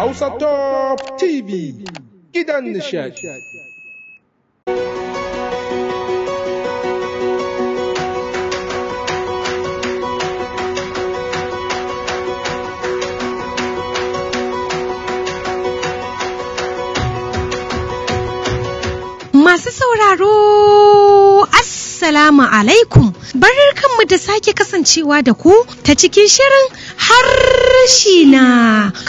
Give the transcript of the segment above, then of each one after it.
Hausa Top TV gidan nishadi. Masu sauraro, Assalamu alaikum, barkanmu da sake kasancewa da ku ta cikin shirin harshe na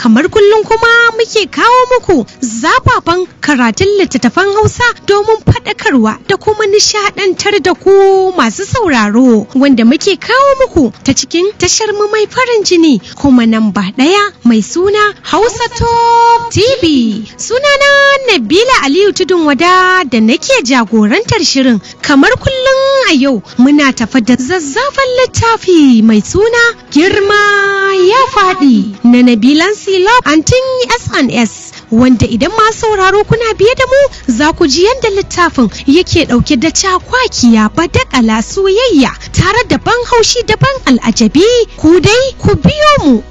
kamar kullum kuma muke kawo muku zafafan karatun littattafan hausa domin faɗakarwa da kuma nishaɗantar da ku masu sauraro wanda muke kawo muku ta cikin tashar mu mai farin jini kuma nan ba ɗaya mai suna hausa top tv sunana nabila aliyu tudun wada da nake jagorantar shirin kamar kullum a yau muna tafa da zazzafan littafi mai suna girma ya faɗi na Nabilan Silop Antin SNS wanda idan ma sauraro kuna biye da mu za ku ji yadda littafin yake ɗauke da cakwakiya badakala soyayya tare da ban haushi da ban al'ajabi ku dai ku biyo mu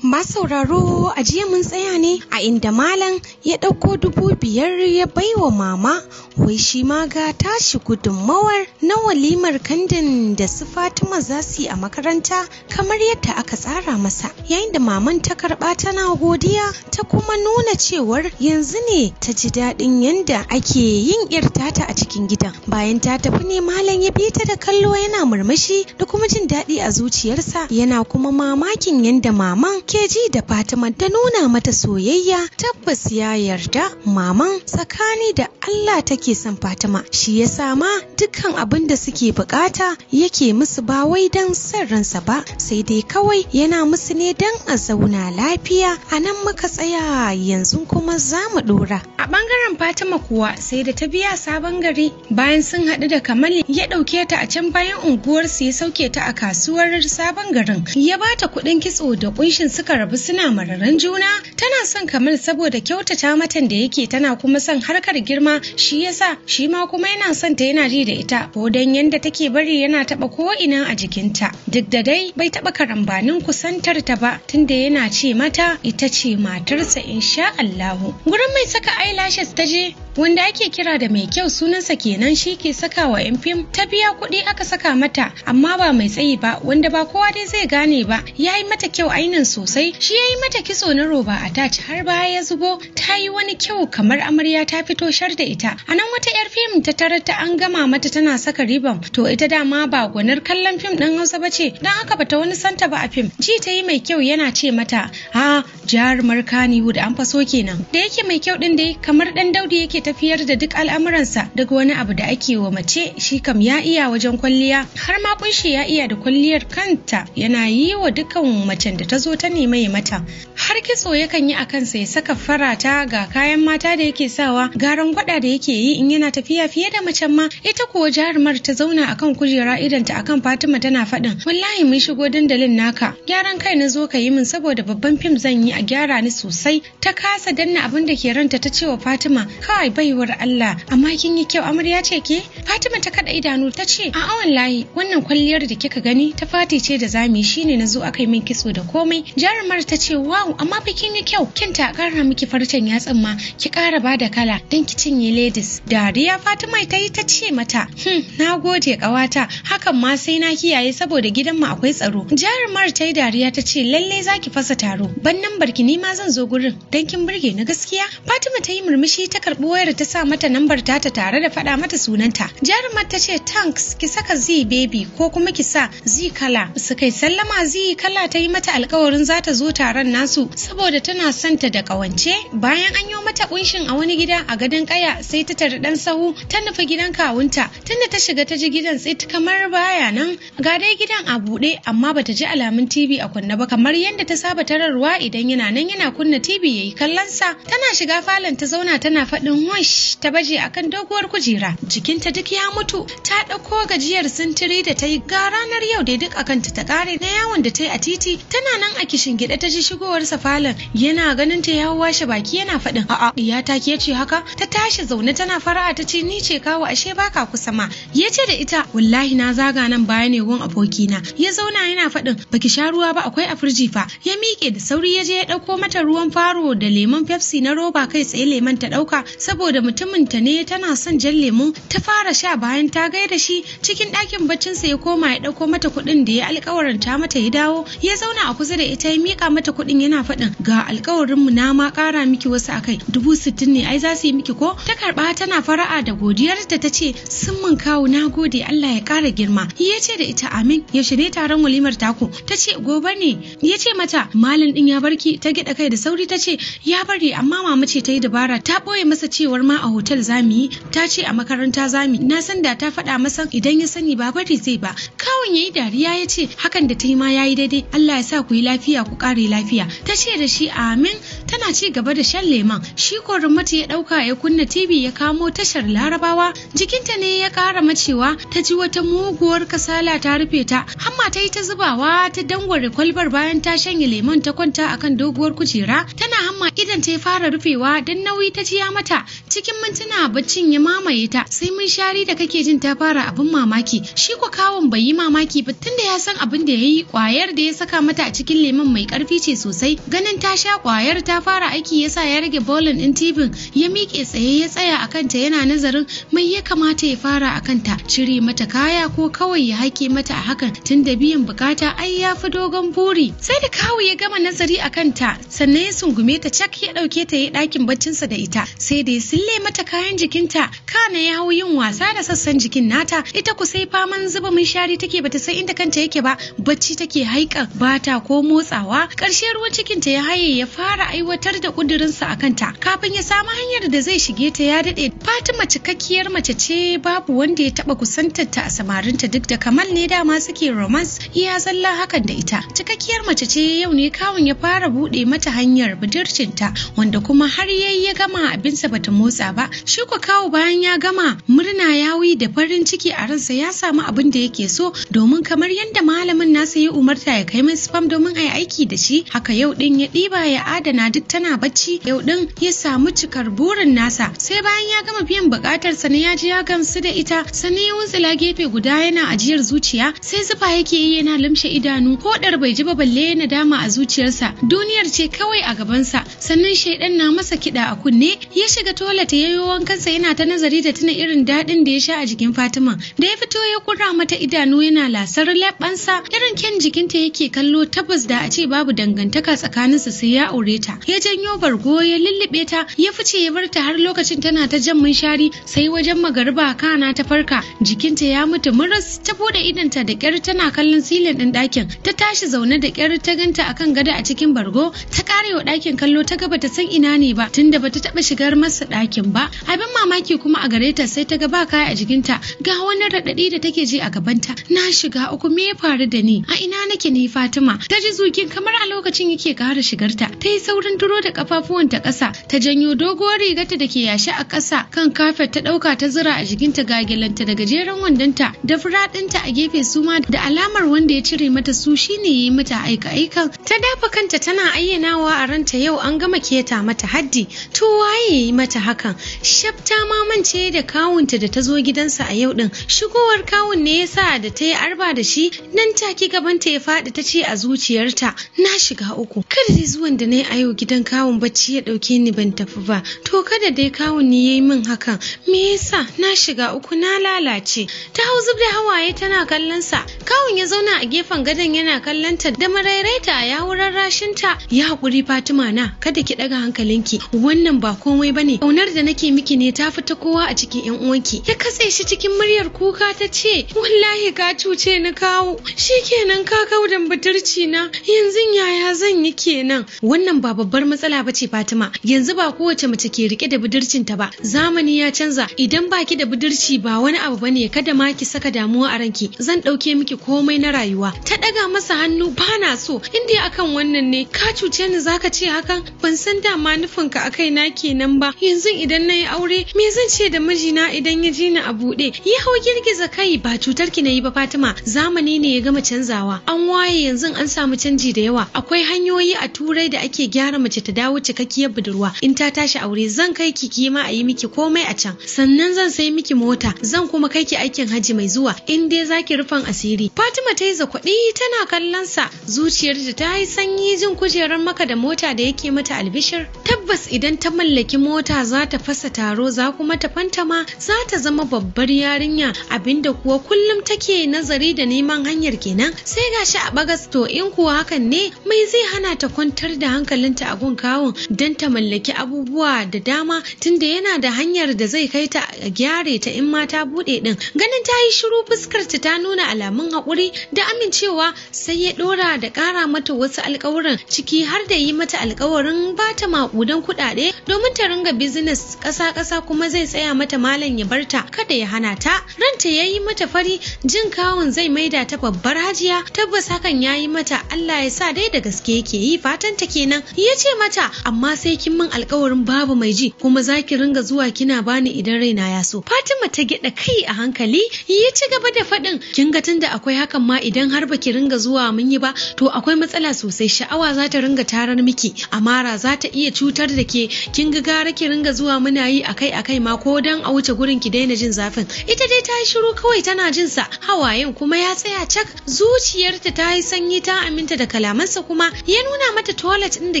masauraro a jiya mun tsaya ne a inda malam ya ɗauko dubu biyar ya baiwa mama wai shi ma ga tashi gudunmawar na walimar kandin da su fatima za su yi a makaranta kamar yadda aka tsara masa yayin da maman ta karɓa tana godiya ta kuma nuna cewar yanzu ne ta ji daɗin yadda ake yin 'yartata a cikin gidan bayan ta tafi ne malam ya bi ta da kallo yana murmushi da kuma jin daɗi a zuciyarsa yana kuma mamakin yanda maman ji da Fatima ta nuna mata soyayya tabbas ya yarda maman tsakani da Allah take son Fatima shi yasa ma dukkan abin da suke bukata yake musu ba wai don son ransa ba sai dai kawai yana musu ne don a zauna lafiya a nan muka tsaya yanzu kuma za mu dora a bangaren Fatima kuwa sai da ta biya sabon gari bayan sun haɗu da Kamal ya ɗauke ta a can bayan unguwarsu ya sauke ta a kasuwar sabon garin ya bata kuɗin kitso da kunshin suka rabu suna mararin juna tana son Kamal saboda kyautata matan da yake tana kuma son harkar girma shi yasa shi ma kuma yana son ta yana ji da ita ko dan yanda take bari yana taba ko ina a jikinta duk da dai bai taba karambanin kusantar ta ba tunda yana ce mata ita ce matarsa insha Allahu gurin mai saka eyelashes ta je wanda ake kira da mai kyau sunansa kenan shi ke saka wa yan fim ta biya kuɗi aka saka mata amma ba mai tsayi ba wanda ba kowa dai zai gane ba ya yi mata kyau ainin sosai shi ya yi mata kitso na roba a taci har baya ya zubo ta yi wani kyau kamar amarya ta fito shar da ita a nan wata yar fim ta tarar ta an gama mata tana saka ribam to ita dama ba gwanar kallon fim ɗin hausa ba ce don haka bata wani santa ba a fim ji ta yi mai kyau yana ce mata a ah, jarumar kaniwood an faso kenan da yake mai kyau ɗin dai kamar ɗan daudi yake tafiyar da duk al'amuransa daga wani abu da ake wa mace shi kam ya iya wajen kwalliya har ma kunshi ya iya da kwalliyar kanta yana yi wa dukkan macen da ta zo ta nema ya mata har kitso yakan yi a kansa ya saka farata ga kayan mata da yake sawa garan gwada da yake yi in yana tafiya fiye da macen ma ita kuwa jarumar ta zauna akan kujera idanta akan Fatima tana faɗin wallahi mun shigo dandalin naka gyaran kai na zo ka yi min saboda babban fim zan yi a gyara ni sosai ta kasa danna abin da ke ranta ta ce wa Fatima kawai kai baiwar Allah amma kin yi kyau amarya ce ke Fatima ta kada idanu ta ce a awan layi wannan kwalliyar da kika gani ta fati ce da zami shine na zo aka yi min kitso da komai jarumar ta ce wow amma fa kin yi kyau kin ta kara miki farcen yatsin ma ki kara ba da kala dan ki cinye ladies dariya Fatima ta yi ta ce mata hmm nagode kawata hakan ma sai na kiyaye saboda gidan mu akwai tsaro jarumar ta yi dariya ta ce lalle zaki fasa taro ban nan barki ni ma zan zo gurin dan kin burge na gaskiya Fatima ta yi murmushi ta karbo Zuwairu ta sa mata lambar tata tare da faɗa mata sunanta. Jarumar ta ce tanks ki saka Z baby ko kuma ki sa Z kala. su kai sallama Z kala ta yi mata alkawarin za ta zo taron nasu saboda tana son ta da kawance Bayan an yi mata kunshin a wani gida a gadon kaya sai ta tare dan sahu ta nufi gidan kawunta. Tunda ta shiga ta ji gidan ta kamar baya nan. Ga dai gidan a buɗe amma bata ji alamun TV a kunna ba kamar yadda ta saba tararwa idan yana nan yana kunna TV yayi kallon sa. Tana shiga falon ta zauna tana faɗin Moish ta baje akan doguwar kujera jikinta duk ya mutu ta ɗauko gajiyar sintiri da ta yi ga ranar yau da duk akanta ta kare na yawon da ta yi a titi tana nan a kishin gida ta ji shigowar falon yana ganin ta ya washe baki yana faɗin a'a ya ta ke ce haka ta tashi zaune tana fara'a ta ce ni ce kawo ashe baka kusa ma ya ce da ita wallahi na zaga nan baya ne gun abokina ya zauna yana faɗin baki sha ruwa ba akwai a firji fa ya miƙe da sauri ya je ya ɗauko mata ruwan faro da lemon pepsi na roba kai tsaye lemon ta ɗauka saboda mutumin ta ne tana son jan lemu ta fara sha bayan ta gaida shi cikin ɗakin baccin sa ya koma ya ɗauko mata kuɗin da ya alƙawaranta mata ya dawo ya zauna a kusa da ita ya miƙa mata kuɗin yana faɗin ga alƙawarin mu na ma ƙara miki wasu akai dubu sittin ne ai za su yi miki ko ta karɓa tana fara'a da godiyarta ta ce sun mun kawo na gode Allah ya ƙara girma ya ce da ita amin yaushe ne taron walimar taku ta ce gobe ne ya ce mata malam ɗin ya barki ta gida kai da sauri ta ce ya bari amma mama ce ta yi dabara ta ɓoye masa cewa cewar ma a hotel za yi ta ce a makaranta Zami, na san da ta faɗa masa idan ya sani ba bari zai ba kawun yayi dariya ya ce hakan da ta yi ma ya yi daidai Allah ya sa ku yi lafiya ku ƙare lafiya ta ce da shi amin tana ci gaba da shan leman shi korin mata ya ɗauka ya kunna tv ya kamo tashar larabawa jikinta ne ya kara macewa ta ji wata muguwar kasala ta rufe ta hamma ta yi ta zubawa ta dangware kwalbar bayan ta shanye leman ta kwanta akan doguwar kujera tana hamma idan ta fara rufewa dan nauyi ta jiya mata cikin mintuna baccin ya mamaye ta sai mun shari da kake jin ta fara abin mamaki shi ko kawon bai yi mamaki ba tunda ya san abin da ya yi kwayar da ya saka mata a cikin leman mai karfi ce sosai ganin ta sha kwayar ta ta fara aiki yasa ya rage bolin din tibin ya miƙe tsaye ya tsaya a kanta yana nazarin mai ya kamata ya fara a kanta cire mata kaya ko kawai ya haƙe mata a hakan tun da biyan bukata ai ya fi dogon buri sai da kawu ya gama nazari a kanta sannan ya sungume ta cak ya ɗauke ta ya ɗakin baccinsa da ita sai da ya sille mata kayan jikinta kana ya hau yin wasa da sassan jikin nata ita ku sai faman zuba mun shari take bata san inda kanta yake ba bacci take haika bata ko motsawa ƙarshe ruwan cikinta ya haye ya fara aiwa aiwatar da sa a kanta kafin ya samu hanyar da zai shige ta ya daɗe fatima cikakkiyar mace ce babu wanda ya taɓa kusantar ta a samarinta duk da kamal ne dama suke romance iya zalla hakan da ita cikakkiyar mace ce yau ne kawun ya fara buɗe mata hanyar budurcinta wanda kuma har yayi ya gama abinsa bata motsa ba shi ko kawo bayan ya gama murna ya yawi da farin ciki a ransa ya samu abin da yake so domin kamar yadda malamin nasa ya umarta ya kai min spam domin a yi aiki da shi haka yau ɗin ya ɗiba ya adana duk duk tana bacci yau din ya samu cikar burin nasa sai bayan ya gama biyan bukatar sa ya ji ya gamsu da ita sannan ya wuntsila gefe guda yana ajiyar zuciya sai zufa yake yi yana limshe idanu ko dar bai ji ba balle yana dama a zuciyarsa duniyar ce kawai a gabansa sannan shaidan na masa kiɗa a kunne ya shiga toilet yayo kansa yana ta nazari da tuna irin daɗin da ya sha a jikin Fatima da ya fito ya kura mata idanu yana lasar leɓansa irin kyan jikinta yake kallo tabbas da a ce babu dangantaka tsakaninsa sai ya aure ta ya janyo bargo ya lullube ta ya fice ya bar ta har lokacin tana ta jan munshari sai wajen maGarba kana ta farka jikinta ya mutu muras ta bude idanta da kyar tana kallon silin din dakin ta tashi zaune da kyar ta ganta akan gada a cikin bargo ta karewa ɗakin kallo ta gaba ta san ina ne ba tunda bata taba shigar masa ɗakin ba abin mamaki kuma a gareta sai ta ga ba kaya a jikinta ga wani raɗaɗi da take ji a gabanta na shiga uku me ya faru da ni a ina nake ne Fatima ta ji zukin kamar a lokacin yake kara shigarta ta yi saurin turo da ta ƙasa ta janyo doguwar rigarta da ke yashi a ƙasa kan kafet ta ɗauka ta zura a jikinta gagelanta da gajeren wandonta da furaɗinta a gefe suma da alamar wanda ya cire mata su shine ya yi mata aika-aikan ta dafa kanta tana ayyanawa a ranta yau an gama keta mata haddi to waye ya mata hakan shafta ma mance da kawunta da ta zo gidansa a yau din shigowar kawun ne yasa da ta yi arba da shi nan take gabanta ya faɗi ta ce a zuciyarta na shiga uku kada zuwan da na yi a yau gidan idan kawun bacci ya ɗauke ni ban tafi ba to kada dai kawun ni yayi min hakan me yasa na shiga uku na lalace ta hau da hawaye tana kallon sa kawun ya zauna a gefen gadon yana kallon ta da marairaita ya wurin rashin ta ya hakuri Fatima na kada ki daga hankalinki wannan ba komai bane kaunar da nake miki ne ta fita kowa a cikin yan uwanki ya katse shi cikin muryar kuka ta ce wallahi ka cuce ni kawo shikenan ka kaudan buturci na yanzu yaya zan yi kenan wannan ba babbar babbar matsala ba ce Fatima yanzu ba kowace mace ke rike da ta ba zamani ya canza idan baki da budurci ba wani abu bane kada ma ki saka damuwa a ranki zan dauke miki komai na rayuwa ta daga masa hannu bana so In inda akan wannan ne ka cuce ni zaka ce hakan ban san dama ka akai na kenan ba yanzu idan nayi aure me zan ce da mijina idan ya ji ni a buɗe ya hau girgiza kai ba cutar ki nayi ba Fatima zamani ne ya gama canzawa an waye yanzu an samu canji da yawa akwai hanyoyi a turai da ake gyara mace ta dawo cikakkiyar budurwa in ta tashi aure zan kai ki ki ma a yi miki komai a can sannan zan sai miki mota zan kuma kai ki aikin haji mai zuwa in dai zaki rufan asiri Fatima ta yi zakwaɗi tana kallon sa zuciyarta ta yi sanyi jin kujerar maka da mota da yake mata albishir tabbas idan ta mallaki mota za ta fasa taro za kuma ta fantama za ta zama babbar yarinya abinda kuwa kullum take nazari da neman hanyar kenan sai gashi a bagas to in kuwa hakan ne mai zai hana ta kwantar da hankalinta a gun kawun don ta mallaki abubuwa da dama tunda yana da hanyar da zai kai ta gyare ta in mata ta buɗe ɗin ganin ta yi shiru fuskar ta ta nuna alamun haƙuri da amincewa sai ya ɗora da ƙara mata wasu alƙawuran ciki har da yi mata alƙawarin ba ta maƙudan kuɗaɗe domin ta ringa bizines ƙasa-ƙasa kuma zai tsaya mata malam ya barta kada ya hana ta ranta ya yi mata fari jin kawun zai maida ta babbar hajiya tabbas hakan ya yi mata Allah ya sa dai da gaske yake yi fatan ta kenan ya ce mata amma sai kin min alkawarin babu mai ji kuma za ki ringa zuwa kina bani idan raina ya so. Fatima ta gyaɗa kai a hankali ya ci gaba da faɗin kin ga tunda akwai hakan ma idan har ba ki ringa zuwa mun yi ba to akwai matsala sosai sha'awa za ta ringa tarar miki amara za ta iya cutar da ke kin ga gara ki ringa zuwa muna yi akai akai ma ko dan a wuce gurin ki daina jin zafin ita dai ta yi shiru kawai tana jin sa hawayen kuma ya tsaya cak zuciyarta ta yi sanyi ta aminta da kalamansa kuma ya nuna mata toilet din da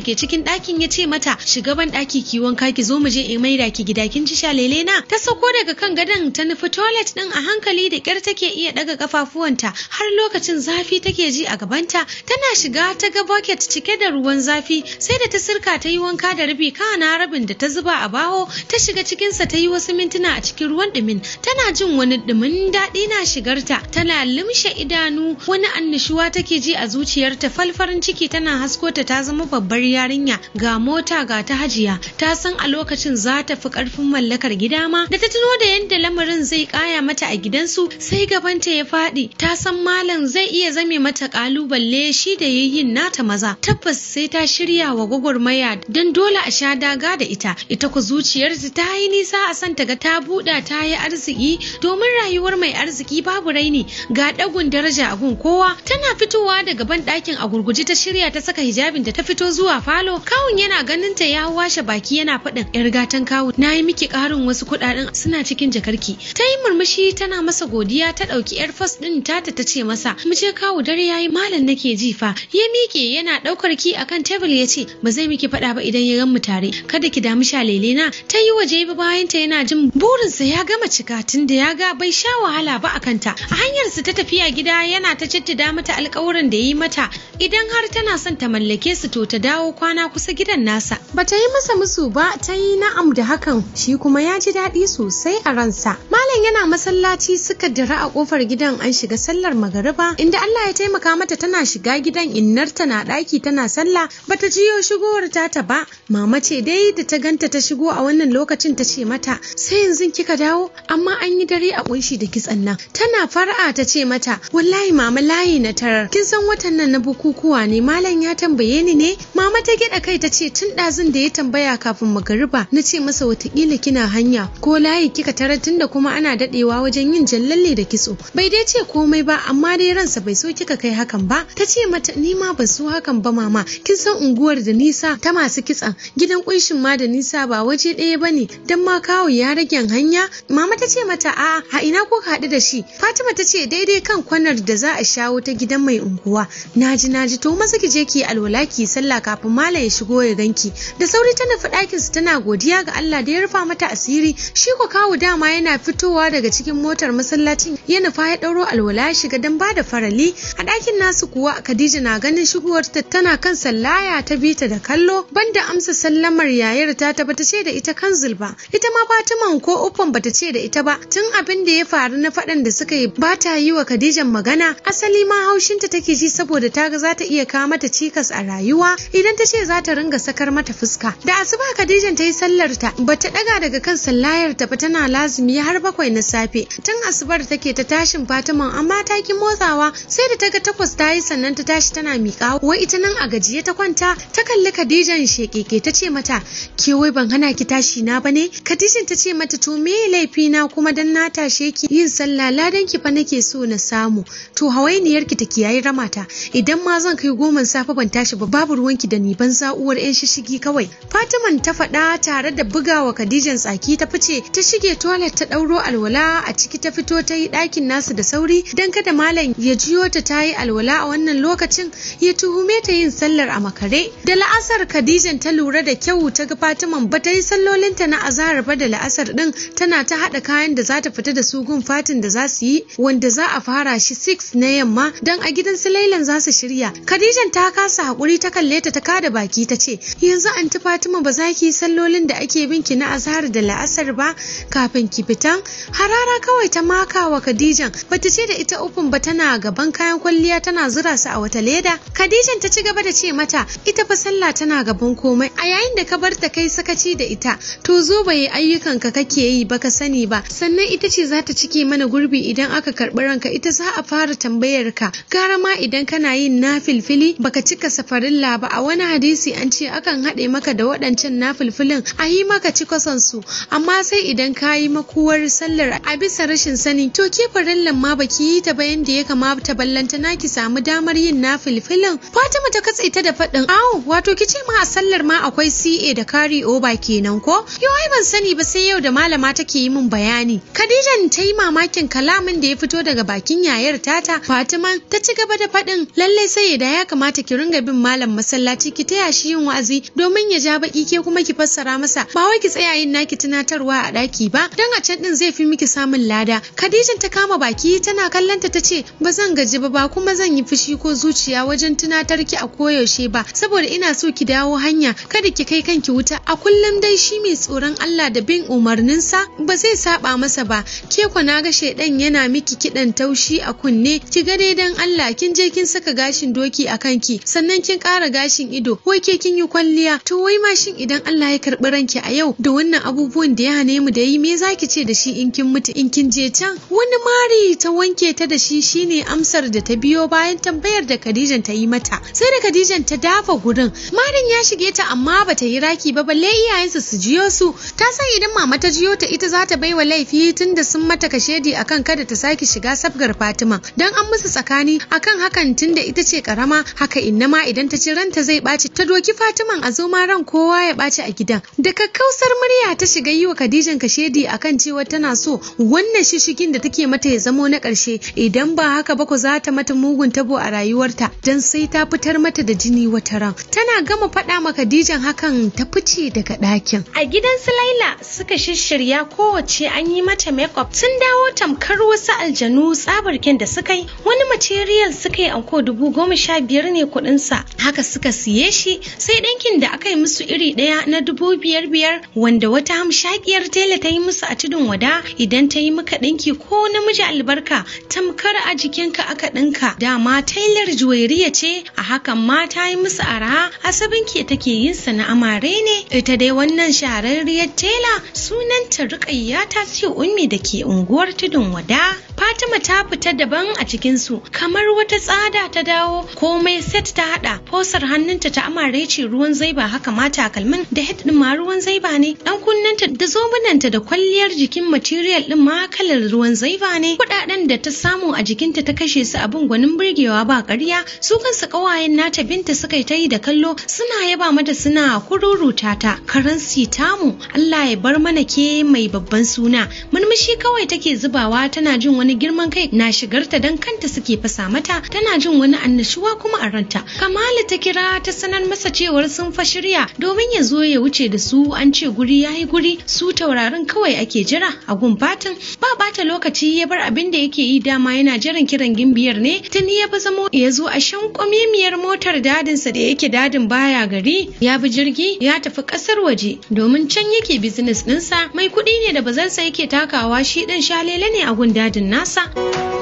ke ciki. cikin ɗakin ya ce mata shiga ban ɗaki ki wanka ki zo mu je in maida ki gida kin ci shalele na ta sauko daga kan gadon ta nufi toilet din a hankali da ƙyar take iya ɗaga kafafuwanta har lokacin zafi take ji a gabanta tana shiga ta ga bucket cike da ruwan zafi sai da ta sirka ta yi wanka da rabi kana rabin da ta zuba a baho ta shiga cikinsa ta yi wasu mintuna a cikin ruwan ɗumin tana jin wani ɗumin daɗi na shigarta tana limshe idanu wani annishuwa take ji a zuciyarta falfarin ciki tana haskota ta zama babbar yarinya jinya ga mota ga ta hajiya ta san a lokacin za ta fi karfin mallakar gida ma da ta tuno da yadda lamarin zai kaya mata a gidansu sai gabanta ya faɗi ta san malam zai iya zame mata kalubale shi da yayin nata maza tabbas sai ta shirya wa gwagwarmaya don dole a sha daga da ita ita ku zuciyar ta yi nisa a san ta ga ta buɗa ta yi arziki domin rayuwar mai arziki babu raini ga ɗagun daraja a gun kowa tana fitowa daga ban ɗakin a gurguje ta shirya ta saka hijabin da ta fito zuwa falo kawun yana ganin ta ya washe baki yana faɗin yar gatan kawu na yi miki ƙarin wasu kuɗaɗen suna cikin jakarki ta yi murmushi tana masa godiya ta ɗauki yar fas ɗin tata ta ce masa mu je kawu dare yayi malam nake ji fa ya miƙe yana ɗaukar ki akan tebul ya ce ba zai miki faɗa ba idan ya gan mu tare kada ki damu shalele na ta yi waje ba bayan ta yana jin burinsa ya gama cika tun da ya ga bai sha wahala ba akan ta a hanyar su ta tafiya gida yana ta cittida mata alƙawuran da ya yi mata idan har tana son ta mallake su to ta dawo kwana Ana kusa gidan nasa Ba ta yi masa musu ba ta yi na'am da hakan shi kuma ya ji daɗi sosai a ransa malam yana masallaci suka dira a ƙofar gidan an shiga sallar magariba inda Allah ya taimaka mata tana shiga gidan innarta na ɗaki tana sallah ba ta jiyo shigowar ta ba Mama ce dai da ta ganta ta shigo a wannan lokacin ta ce mata sai yanzu kika dawo amma an yi dare a kunshi da kitsan nan. Tana fara'a ta ce mata wallahi mama layi na tarar kin san watan nan na bukukuwa ne malam ya tambaye ni ne mama ta gida kai ta ce tun ɗazun da ya tambaya kafin magariba na ce masa watakila kina hanya ko layi kika tarar tunda kuma ana daɗewa wajen yin jallalle da kitso bai dai ce komai ba amma dai ransa bai so kika kai hakan ba ta ce mata ni ma ban so hakan ba mama kin san unguwar da nisa ta masu kitsan gidan kunshin ma da nisa ba waje ɗaya bane dan ma kawo ya rage hanya mama ta ce mata a a ina ko ka da shi fatima ta ce daidai kan kwanar da za a shawo ta gidan mai unguwa naji naji to maza ki je ki alwala ki sallah kafin malam ya shigo ya ganki da sauri ta nufi ɗakin su tana godiya ga Allah da ya rufa mata asiri shi ko kawo dama yana fitowa daga cikin motar masallacin ya nufa ya ɗauro alwala ya shiga dan bada farali a ɗakin nasu kuwa Khadija na ganin shigowar ta tana kan sallaya ta bita da kallo banda amsa amsa sallamar yayar ta ta bata ce da ita kanzil ba ita ma fatima ko uffan bata ce da ita ba tun abin da ya faru na faɗan da suka yi ba ta yi wa Khadijan magana asali ma haushinta take ji saboda ta ga za ta iya kawo mata cikas a rayuwa idan ta ce za ta ringa sakar mata fuska da asuba Khadijan ta yi sallar ta bata daga daga kan sallayar ta ba tana lazumi har bakwai na safe tun asubar take ta tashin Fatiman amma ta ki motsawa sai da ta ga takwas ta yi sannan ta tashi tana miƙa wai ita nan a gajiye ta kwanta ta kalli Khadijan shekeke ta ce mata ke wai ban hana ki tashi na ba ne katishin ta ce mata to me laifi na kuma dan na tashe ki yin sallah ladan ki fa nake so na samu to hawainiyar ki ta kiyaye ramata idan ma zan kai goma safe ban tashi ba babu ruwan ki da ni ban uwar yan shishigi kawai Fatima ta faɗa tare da bugawa kadijan tsaki ta fice ta shige toilet ta ɗauro alwala a ciki ta fito ta yi ɗakin nasu da sauri dan kada malam ya jiyo ta ta yi alwala a wannan lokacin ya tuhume ta yin sallar a makare da la'asar kadijan ta lura da kyau ta ga Fatiman ba ta yi sallolinta na azahar ba da la'asar din tana ta haɗa kayan da za ta fita da su gun fatin da za su yi wanda za a fara shi 6 na yamma don a gidan su Lailan za su shirya. Khadijan ta kasa haƙuri ta kalle ta ta kada baki ta ce yanzu anti Fatima ba za ki yi sallolin da ake bin ki na azahar da la'asar ba kafin ki fita. Harara kawai ta maka wa Khadijan ba ta ce da ita ufun ba tana gaban kayan kwalliya tana zura su a wata leda. Khadijan ta ci gaba da ce mata ita fa sallah tana gaban komai a yayin da ka bar ta kai sakaci da ita to zo bai ayyukan ka kake yi baka sani ba sannan ita ce za ta cike mana gurbi idan aka karbi ranka ita za a fara tambayar ka gara ma idan kana yin nafilfili baka cika safarin ba a wani hadisi an ce akan haɗe maka da waɗancan nafilfilin a yi maka cikosan su amma sai idan ka yi makuwar sallar a bisa rashin sani to ke farillan ma baki yi ta bayan da ya kamata ballanta na ki samu damar yin nafilfilin Fatima ta katse ita da faɗin awo wato kice ma a sallar ma akwai CA da kari over kenan ko? Yau ai ban sani ba sai yau da malama take yi min bayani. khadija ta yi mamakin kalamin da ya fito daga bakin yayar tata Fatima ta ci gaba da faɗin lallai sai da ya kamata ki ringa bin malam masallaci ki taya shi yin wa'azi domin ya ja baki ke kuma ki fassara masa ba wai ki tsaya yin naki tunatarwa a ɗaki ba dan a can din zai fi miki samun lada. Khadijan ta kama baki tana kallanta ta ce ba zan gaji ba ba kuma zan yi fushi ko zuciya wajen tunatar ki a koyaushe ba saboda ina so ki dawo hanya kada ki kai kanki wuta a kullum dai shi mai tsoron Allah da bin umarninsa ba zai saba masa ba ke ku na ga shaidan yana miki kidan taushi a kunne ki ga dai dan Allah kin je kin saka gashin doki a kanki sannan kin kara gashin ido wai ke kin yi kwalliya to wai ma shin idan Allah ya karɓi ranki a yau da wannan abubuwan da ya hane mu da yi me zaki ce da shi in kin mutu in kin je can wani mari ta wanke ta da shi shine amsar da ta biyo bayan tambayar da Khadijan ta yi mata sai da Khadijan ta dafa gurin marin ya shige ta a amma ba ta yi raki ba balle iyayensu su jiyo su ta san idan mama ta jiyo ta ita za ta wa laifi tunda sun mata kashedi akan kada ta sake shiga sabgar Fatima dan an musu tsakani akan hakan tun da ita ce karama haka inna ma idan ta ci ranta zai ɓaci ta doki fatima a zo ma ran kowa ya ɓaci a gidan da kakkausar murya ta shiga yi wa Khadijan kashedi akan cewa tana so wannan shishigin da take mata ya zamo na karshe. idan ba haka ba ku za ta mata mugun tabo a rayuwarta dan sai ta fitar mata da jini wata ran tana gama faɗa ma Khadija jan hakan ta fice daga ɗakin. A gidan su Laila suka shishirya kowace an yi mata makeup sun dawo tamkar wasu aljanu tsabarkin da suka yi wani material suka yi anko dubu goma sha biyar ne kuɗinsa haka suka siye shi sai ɗankin da aka yi musu iri ɗaya na dubu biyar biyar wanda wata hamshaƙiyar tela ta yi musu a tudun wada idan ta yi maka ɗinki ko namiji albarka tamkar a jikinka aka ɗinka dama tailar juwairiya ce a hakan ma ta yi musu araha asabin ke take yin sa na amare ne ita dai wannan shahararriyar tela sunanta rukayya ta ce ummi da ke unguwar tudun wada fatima ta fita daban a cikinsu kamar wata tsada ta dawo komai set ta hada fosar hannunta ta amare ce ruwan zaiba haka ma takalmin da head din ma ruwan zaiba ne dan kunnanta da zobunanta da kwalliyar jikin material din ma kalar ruwan zaiba ne kudaden da ta samu a jikinta ta kashe su abun gwanin burgewa ba ƙarya su kansu kawayen nata binta suka yi ta yi da kallo suna yaba mata sun suna kururuta ta karansi tamu Allah ya bar mana ke mai babban suna murmushi kawai take zubawa tana jin wani girman kai na shigarta dan kanta suke fasa mata tana jin wani annashuwa kuma a ranta Kamalu ta kira ta sanar masa cewar sun fa shirya domin ya zo ya wuce da su an ce guri yayi guri su taurarin kawai ake jira a gun fatin ba bata lokaci ya bar abin da yake yi dama yana jiran kiran gimbiyar ne tuni ya fi zamo ya zo a shan kwamimiyar motar dadinsa da yake dadin baya gari ya bi jirgi ya tafi kasar waje domin can yake business ɗinsa mai kuɗi ne da bazansa yake takawa shi ɗin shalele ne a gundadin nasa.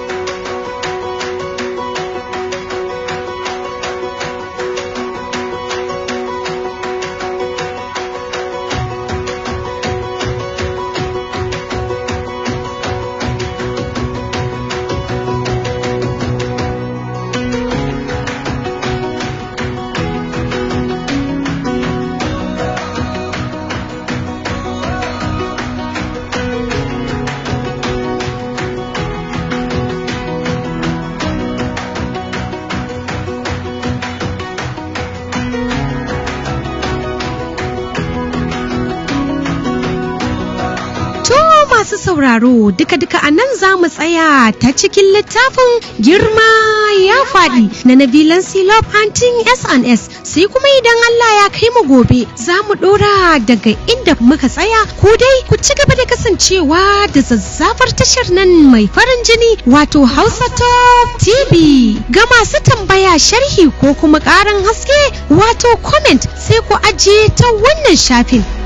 sauraro duka-duka a nan za mu tsaya ta cikin littafin girma ya faɗi na Nabilan Silop Hunting sns sai kuma idan Allah ya kai mu gobe za mu ɗora daga inda muka tsaya ko dai ku ci gaba da kasancewa da zazzafar tashar nan mai farin jini wato Hausa Top TV ga masu tambaya sharhi ko kuma ƙarin haske wato comment sai ku ajiye ta wannan shafin